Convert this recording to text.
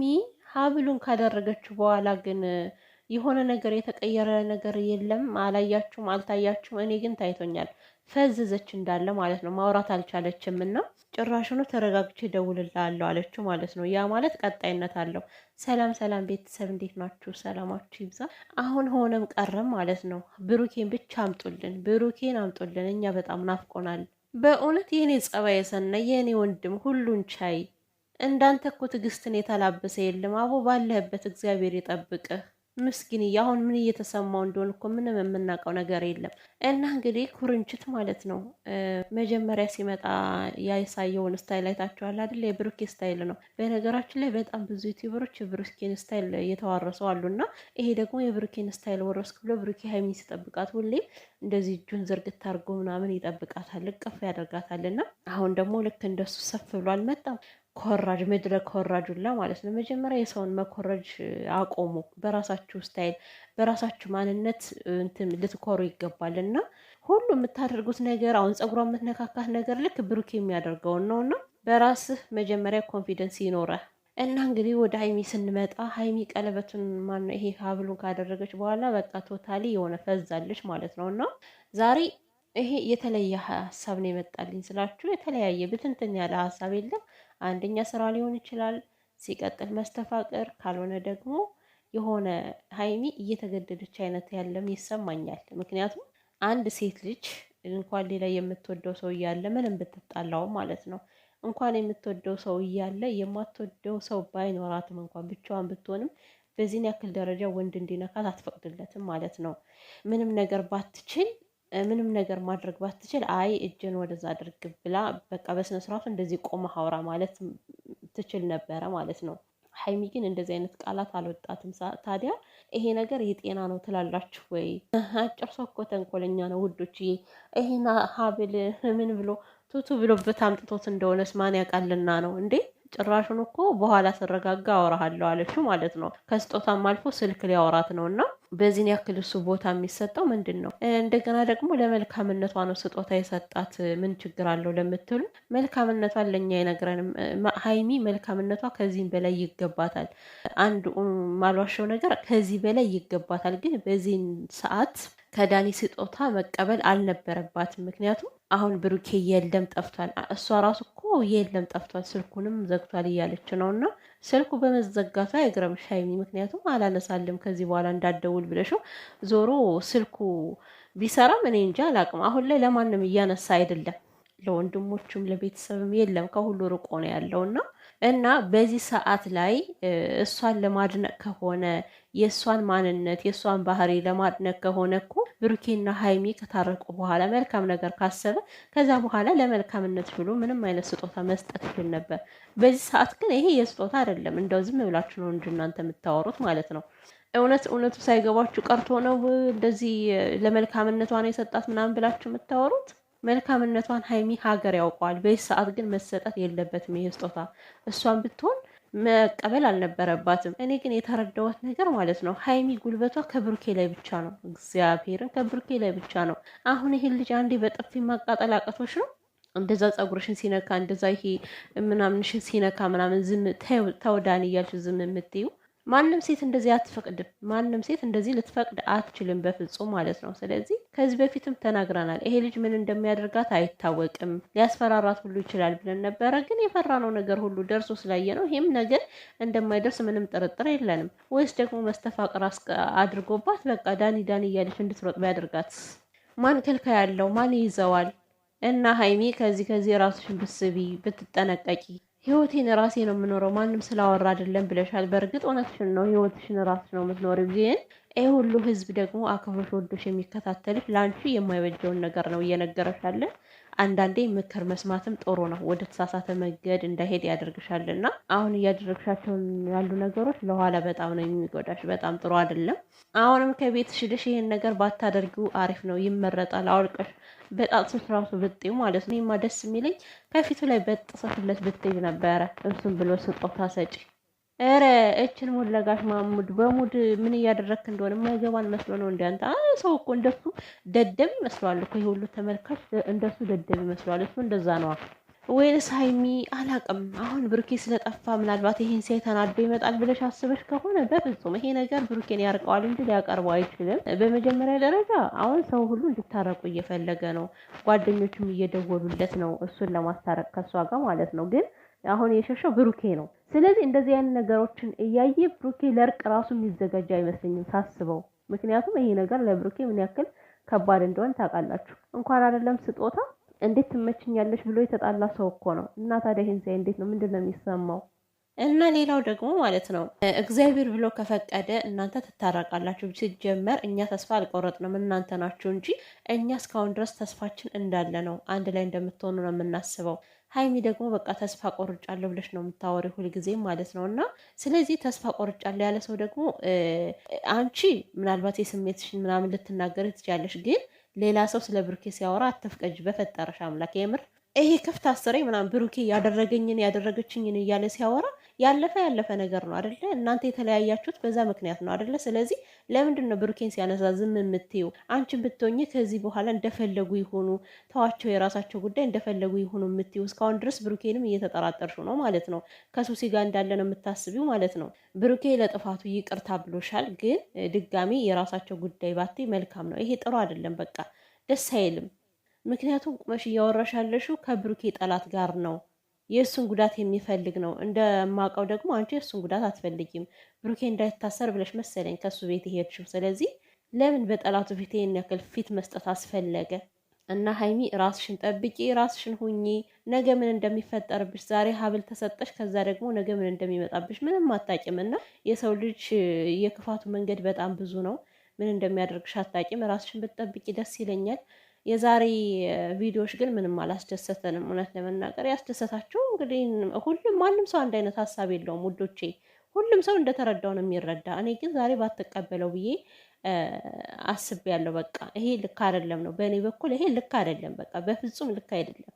ሀይሚ ሀብሉን ካደረገችው በኋላ ግን የሆነ ነገር የተቀየረ ነገር የለም። አላያችሁም? አልታያችሁም? እኔ ግን ታይቶኛል። ፈዘዘች እንዳለ ማለት ነው። ማውራት አልቻለችም እና ጭራሽኑ ተረጋግቼ እደውልልሃለሁ አለችው ማለት ነው። ያ ማለት ቀጣይነት አለው። ሰላም ሰላም ቤተሰብ እንዴት ናችሁ? ሰላማችሁ ይብዛ። አሁን ሆነም ቀረም ማለት ነው ብሩኬን ብቻ አምጡልን፣ ብሩኬን አምጡልን። እኛ በጣም ናፍቆናል በእውነት የእኔ ጸባይ የሰና የእኔ ወንድም ሁሉን ቻይ እንዳንተ እኮ ትዕግስትን የተላበሰ የለም። አቦ ባለህበት እግዚአብሔር ይጠብቅህ። ምስኪንዬ አሁን ምን እየተሰማው እንደሆን እኮ ምንም የምናውቀው ነገር የለም። እና እንግዲህ ኩርንችት ማለት ነው። መጀመሪያ ሲመጣ ያሳየውን ስታይል አይታችኋል አይደል? የብሩኬ ስታይል ነው። በነገራችን ላይ በጣም ብዙ ዩቲዩበሮች የብሩኬን ስታይል እየተዋረሱ አሉ። እና ይሄ ደግሞ የብሩኬን ስታይል ወረስክ ብሎ ብሩኬ ሀይሚን ሲጠብቃት ሁሌ እንደዚህ እጁን ዝርግት አድርጎ ምናምን ይጠብቃታል፣ እቅፍ ያደርጋታል። እና አሁን ደግሞ ልክ እንደሱ ሰፍ ብሏል መጣም ኮራጅ ምድረ ኮራጁላ ማለት ነው። መጀመሪያ የሰውን መኮረጅ አቆሙ። በራሳችሁ ስታይል፣ በራሳችሁ ማንነት እንትን ልትኮሩ ይገባል እና ሁሉ የምታደርጉት ነገር አሁን ጸጉሯ የምትነካካት ነገር ልክ ብሩክ የሚያደርገውን ነው እና በራስህ መጀመሪያ ኮንፊደንስ ይኖረህ እና እንግዲህ ወደ ሀይሚ ስንመጣ ሀይሚ ቀለበቱን ማነው ይሄ ሀብሉን ካደረገች በኋላ በቃ ቶታሊ የሆነ ፈዛለች ማለት ነው እና ዛሬ ይሄ የተለየ ሀሳብ ነው የመጣልኝ ስላችሁ የተለያየ ብትንትን ያለ ሀሳብ የለም አንደኛ ስራ ሊሆን ይችላል፣ ሲቀጥል መስተፋቅር፣ ካልሆነ ደግሞ የሆነ ሀይሚ እየተገደደች አይነት ያለም ይሰማኛል። ምክንያቱም አንድ ሴት ልጅ እንኳን ሌላ የምትወደው ሰው እያለ ምንም ብትጣላው ማለት ነው እንኳን የምትወደው ሰው እያለ የማትወደው ሰው ባይኖራትም እንኳን ብቻዋን ብትሆንም በዚህን ያክል ደረጃ ወንድ እንዲነካት አትፈቅድለትም ማለት ነው። ምንም ነገር ባትችል ምንም ነገር ማድረግ ባትችል አይ እጅን ወደዛ አድርግ ብላ በቃ በስነ እንደዚህ ቆመ ሀውራ ማለት ትችል ነበረ ማለት ነው። ሀይሚ ግን እንደዚህ አይነት ቃላት አልወጣትም። ታዲያ ይሄ ነገር የጤና ነው ትላላችሁ ወይ? አጭር ሰው እኮ ተንኮለኛ ነው ውዶች። ይሄን ሀብል ምን ብሎ ቱቱ ብሎበት አምጥቶት እንደሆነስ ማን ያውቃልና ነው እንዴ? ጭራሹን እኮ በኋላ ስረጋጋ አወራሃለሁ አለችው ማለት ነው። ከስጦታም አልፎ ስልክ ሊያወራት ነው እና በዚህን ያክል እሱ ቦታ የሚሰጠው ምንድን ነው? እንደገና ደግሞ ለመልካምነቷ ነው ስጦታ የሰጣት ምን ችግር አለው ለምትሉ መልካምነቷን ለእኛ አይነግረንም። ሀይሚ መልካምነቷ ከዚህም በላይ ይገባታል። አንድ ማሏሸው ነገር ከዚህ በላይ ይገባታል። ግን በዚህን ሰዓት ከዳኒ ስጦታ መቀበል አልነበረባትም። ምክንያቱም አሁን ብሩኬ የለም ጠፍቷል፣ እሷ ራሱ እኮ የለም ጠፍቷል፣ ስልኩንም ዘግቷል እያለች ነው። እና ስልኩ በመዘጋቱ አይግረምሽ ሀይሚ፣ ምክንያቱም አላነሳልም ከዚህ በኋላ እንዳደውል ብለሽው ዞሮ ስልኩ ቢሰራም እኔ እንጂ አላቅም። አሁን ላይ ለማንም እያነሳ አይደለም ለወንድሞቹም ለቤተሰብም የለም፣ ከሁሉ ርቆ ነው ያለው እና እና በዚህ ሰዓት ላይ እሷን ለማድነቅ ከሆነ የእሷን ማንነት የእሷን ባህሪ ለማድነቅ ከሆነ እኮ ብሩኬና ሀይሚ ከታረቁ በኋላ መልካም ነገር ካሰበ ከዛ በኋላ ለመልካምነት ብሎ ምንም አይነት ስጦታ መስጠት ይችል ነበር። በዚህ ሰዓት ግን ይሄ የስጦታ አይደለም። እንደው ዝም ብላችሁ ነው እንጂ እናንተ የምታወሩት ማለት ነው። እውነት እውነቱ ሳይገባችሁ ቀርቶ ነው እንደዚህ ለመልካምነቷ ነው የሰጣት ምናምን ብላችሁ የምታወሩት። መልካምነቷን ሀይሚ ሀገር ያውቀዋል። በዚህ ሰዓት ግን መሰጠት የለበትም ይሄ ስጦታ። እሷን ብትሆን መቀበል አልነበረባትም። እኔ ግን የተረዳሁት ነገር ማለት ነው ሀይሚ ጉልበቷ ከብሩኬ ላይ ብቻ ነው። እግዚአብሔርን ከብሩኬ ላይ ብቻ ነው። አሁን ይህን ልጅ አንዴ በጥፊ ማቃጠል አቅቶች ነው እንደዛ ጸጉርሽን ሲነካ እንደዛ ይሄ ምናምንሽን ሲነካ ምናምን ዝም ተወዳን እያልሽ ዝም የምትይው ማንም ሴት እንደዚህ አትፈቅድም። ማንም ሴት እንደዚህ ልትፈቅድ አትችልም በፍጹም ማለት ነው። ስለዚህ ከዚህ በፊትም ተናግረናል። ይሄ ልጅ ምን እንደሚያደርጋት አይታወቅም፣ ሊያስፈራራት ሁሉ ይችላል ብለን ነበረ። ግን የፈራነው ነገር ሁሉ ደርሶ ስላየ ነው። ይህም ነገር እንደማይደርስ ምንም ጥርጥር የለንም። ወይስ ደግሞ መስተፋቅር አድርጎባት በቃ ዳኒ ዳኒ እያለች እንድትሮጥ ቢያደርጋት ማን ከልካ ያለው ማን ይዘዋል? እና ሀይሚ ከዚህ ከዚህ ራስሽን ብስቢ ብትጠነቀቂ ህይወቴን ራሴ ነው የምኖረው፣ ማንም ስላወራ አይደለም ብለሻል። በእርግጥ እውነትሽን ነው፣ ህይወትሽን ራስሽ ነው የምትኖር። ግን ይህ ሁሉ ህዝብ ደግሞ አክብሮሽ ወዶሽ የሚከታተልሽ ለአንቺ የማይበጀውን ነገር ነው እየነገረሻለ። አንዳንዴ ምክር መስማትም ጥሩ ነው፣ ወደ ተሳሳተ መንገድ እንዳይሄድ ያደርግሻል። እና አሁን እያደረግሻቸውን ያሉ ነገሮች ለኋላ በጣም ነው የሚጎዳሽ፣ በጣም ጥሩ አይደለም። አሁንም ከቤት ሽልሽ ይህን ነገር ባታደርጊው አሪፍ ነው፣ ይመረጣል። አውልቀሽ በጣም ራሱ ብጤው ማለት ነው። እኔማ ደስ የሚለኝ ከፊቱ ላይ በጥሰፍለት ብትይ ነበረ። እሱም ብሎ ስጦታ ሰጪ ኧረ እችን ሙለጋሽ ማሙድ በሙድ ምን እያደረክ እንደሆነ የማይገባን መስሎ ነው። እንዲያንተ ሰው እኮ እንደሱ ደደብ ይመስለዋል እኮ ይሄ ሁሉ ተመልካች እንደሱ ደደብ ይመስለዋል። እሱ እንደዛ ነዋ። ወይንስ ሀይሚ አላቅም። አሁን ብሩኬ ስለጠፋ ምናልባት ይሄን ሴት ተናዶ ይመጣል ብለሽ አስበሽ ከሆነ በፍጹም ይሄ ነገር ብሩኬን ያርቀዋል እንጂ ሊያቀርበው አይችልም። በመጀመሪያ ደረጃ አሁን ሰው ሁሉ እንዲታረቁ እየፈለገ ነው። ጓደኞቹም እየደወሉለት ነው፣ እሱን ለማስታረቅ ከእሷ ጋር ማለት ነው። ግን አሁን የሸሸው ብሩኬ ነው። ስለዚህ እንደዚህ አይነት ነገሮችን እያየ ብሩኬ ለእርቅ ራሱ የሚዘጋጅ አይመስለኝም ሳስበው። ምክንያቱም ይሄ ነገር ለብሩኬ ምን ያክል ከባድ እንደሆነ ታውቃላችሁ። እንኳን አይደለም ስጦታ እንዴት ትመችኛለች ብሎ የተጣላ ሰው እኮ ነው። እና ታዲያ ይህን ሳይ እንዴት ነው ምንድን ነው የሚሰማው? እና ሌላው ደግሞ ማለት ነው እግዚአብሔር ብሎ ከፈቀደ እናንተ ትታረቃላችሁ። ሲጀመር እኛ ተስፋ አልቆረጥንም፣ እናንተ ናችሁ እንጂ እኛ እስካሁን ድረስ ተስፋችን እንዳለ ነው። አንድ ላይ እንደምትሆኑ ነው የምናስበው። ሀይሚ ደግሞ በቃ ተስፋ ቆርጫለሁ ብለሽ ነው የምታወሪ ሁልጊዜ ማለት ነው። እና ስለዚህ ተስፋ ቆርጫለሁ ያለ ሰው ደግሞ አንቺ ምናልባት የስሜትሽን ምናምን ልትናገር ትችያለሽ ግን ሌላ ሰው ስለ ብሩኬ ሲያወራ አትፍቀጅ በፈጠረሽ አምላክ የምር ይሄ ክፍት አስሬ ምናምን ብሩኬ ያደረገኝን ያደረገችኝን እያለ ሲያወራ ያለፈ ያለፈ ነገር ነው አደለ? እናንተ የተለያያችሁት በዛ ምክንያት ነው አደለ? ስለዚህ ለምንድን ነው ብሩኬን ሲያነሳ ዝም የምትይው? አንቺ ብትሆኚ ከዚህ በኋላ እንደፈለጉ ይሆኑ ተዋቸው፣ የራሳቸው ጉዳይ እንደፈለጉ ይሆኑ የምትይው እስካሁን ድረስ ብሩኬንም እየተጠራጠርሽው ነው ማለት ነው። ከሱሲ ጋር እንዳለ ነው የምታስቢው ማለት ነው። ብሩኬ ለጥፋቱ ይቅርታ ብሎሻል፣ ግን ድጋሚ የራሳቸው ጉዳይ ባትይ መልካም ነው። ይሄ ጥሩ አይደለም፣ በቃ ደስ አይልም። ምክንያቱም ቁመሽ እያወራሽ ያለሽው ከብሩኬ ጠላት ጋር ነው። የእሱን ጉዳት የሚፈልግ ነው። እንደማውቀው ደግሞ አንቺ የእሱን ጉዳት አትፈልጊም። ብሩኬ እንዳይታሰር ብለሽ መሰለኝ ከእሱ ቤት የሄድሽው። ስለዚህ ለምን በጠላቱ ፊት ይህን ያክል ፊት መስጠት አስፈለገ? እና ሀይሚ ራስሽን ጠብቂ፣ ራስሽን ሁኚ። ነገ ምን እንደሚፈጠርብሽ ዛሬ ሀብል ተሰጠሽ፣ ከዛ ደግሞ ነገ ምን እንደሚመጣብሽ ምንም አታቂም። እና የሰው ልጅ የክፋቱ መንገድ በጣም ብዙ ነው። ምን እንደሚያደርግሽ አታቂም። ራስሽን ብትጠብቂ ደስ ይለኛል። የዛሬ ቪዲዮዎች ግን ምንም አላስደሰተንም። እውነት ለመናገር ያስደሰታቸው እንግዲህ ሁሉም ማንም ሰው አንድ አይነት ሀሳብ የለውም ውዶቼ፣ ሁሉም ሰው እንደተረዳው ነው የሚረዳ። እኔ ግን ዛሬ ባትቀበለው ብዬ አስቤያለሁ። በቃ ይሄ ልክ አይደለም ነው በእኔ በኩል ይሄ ልክ አይደለም፣ በቃ በፍጹም ልክ አይደለም።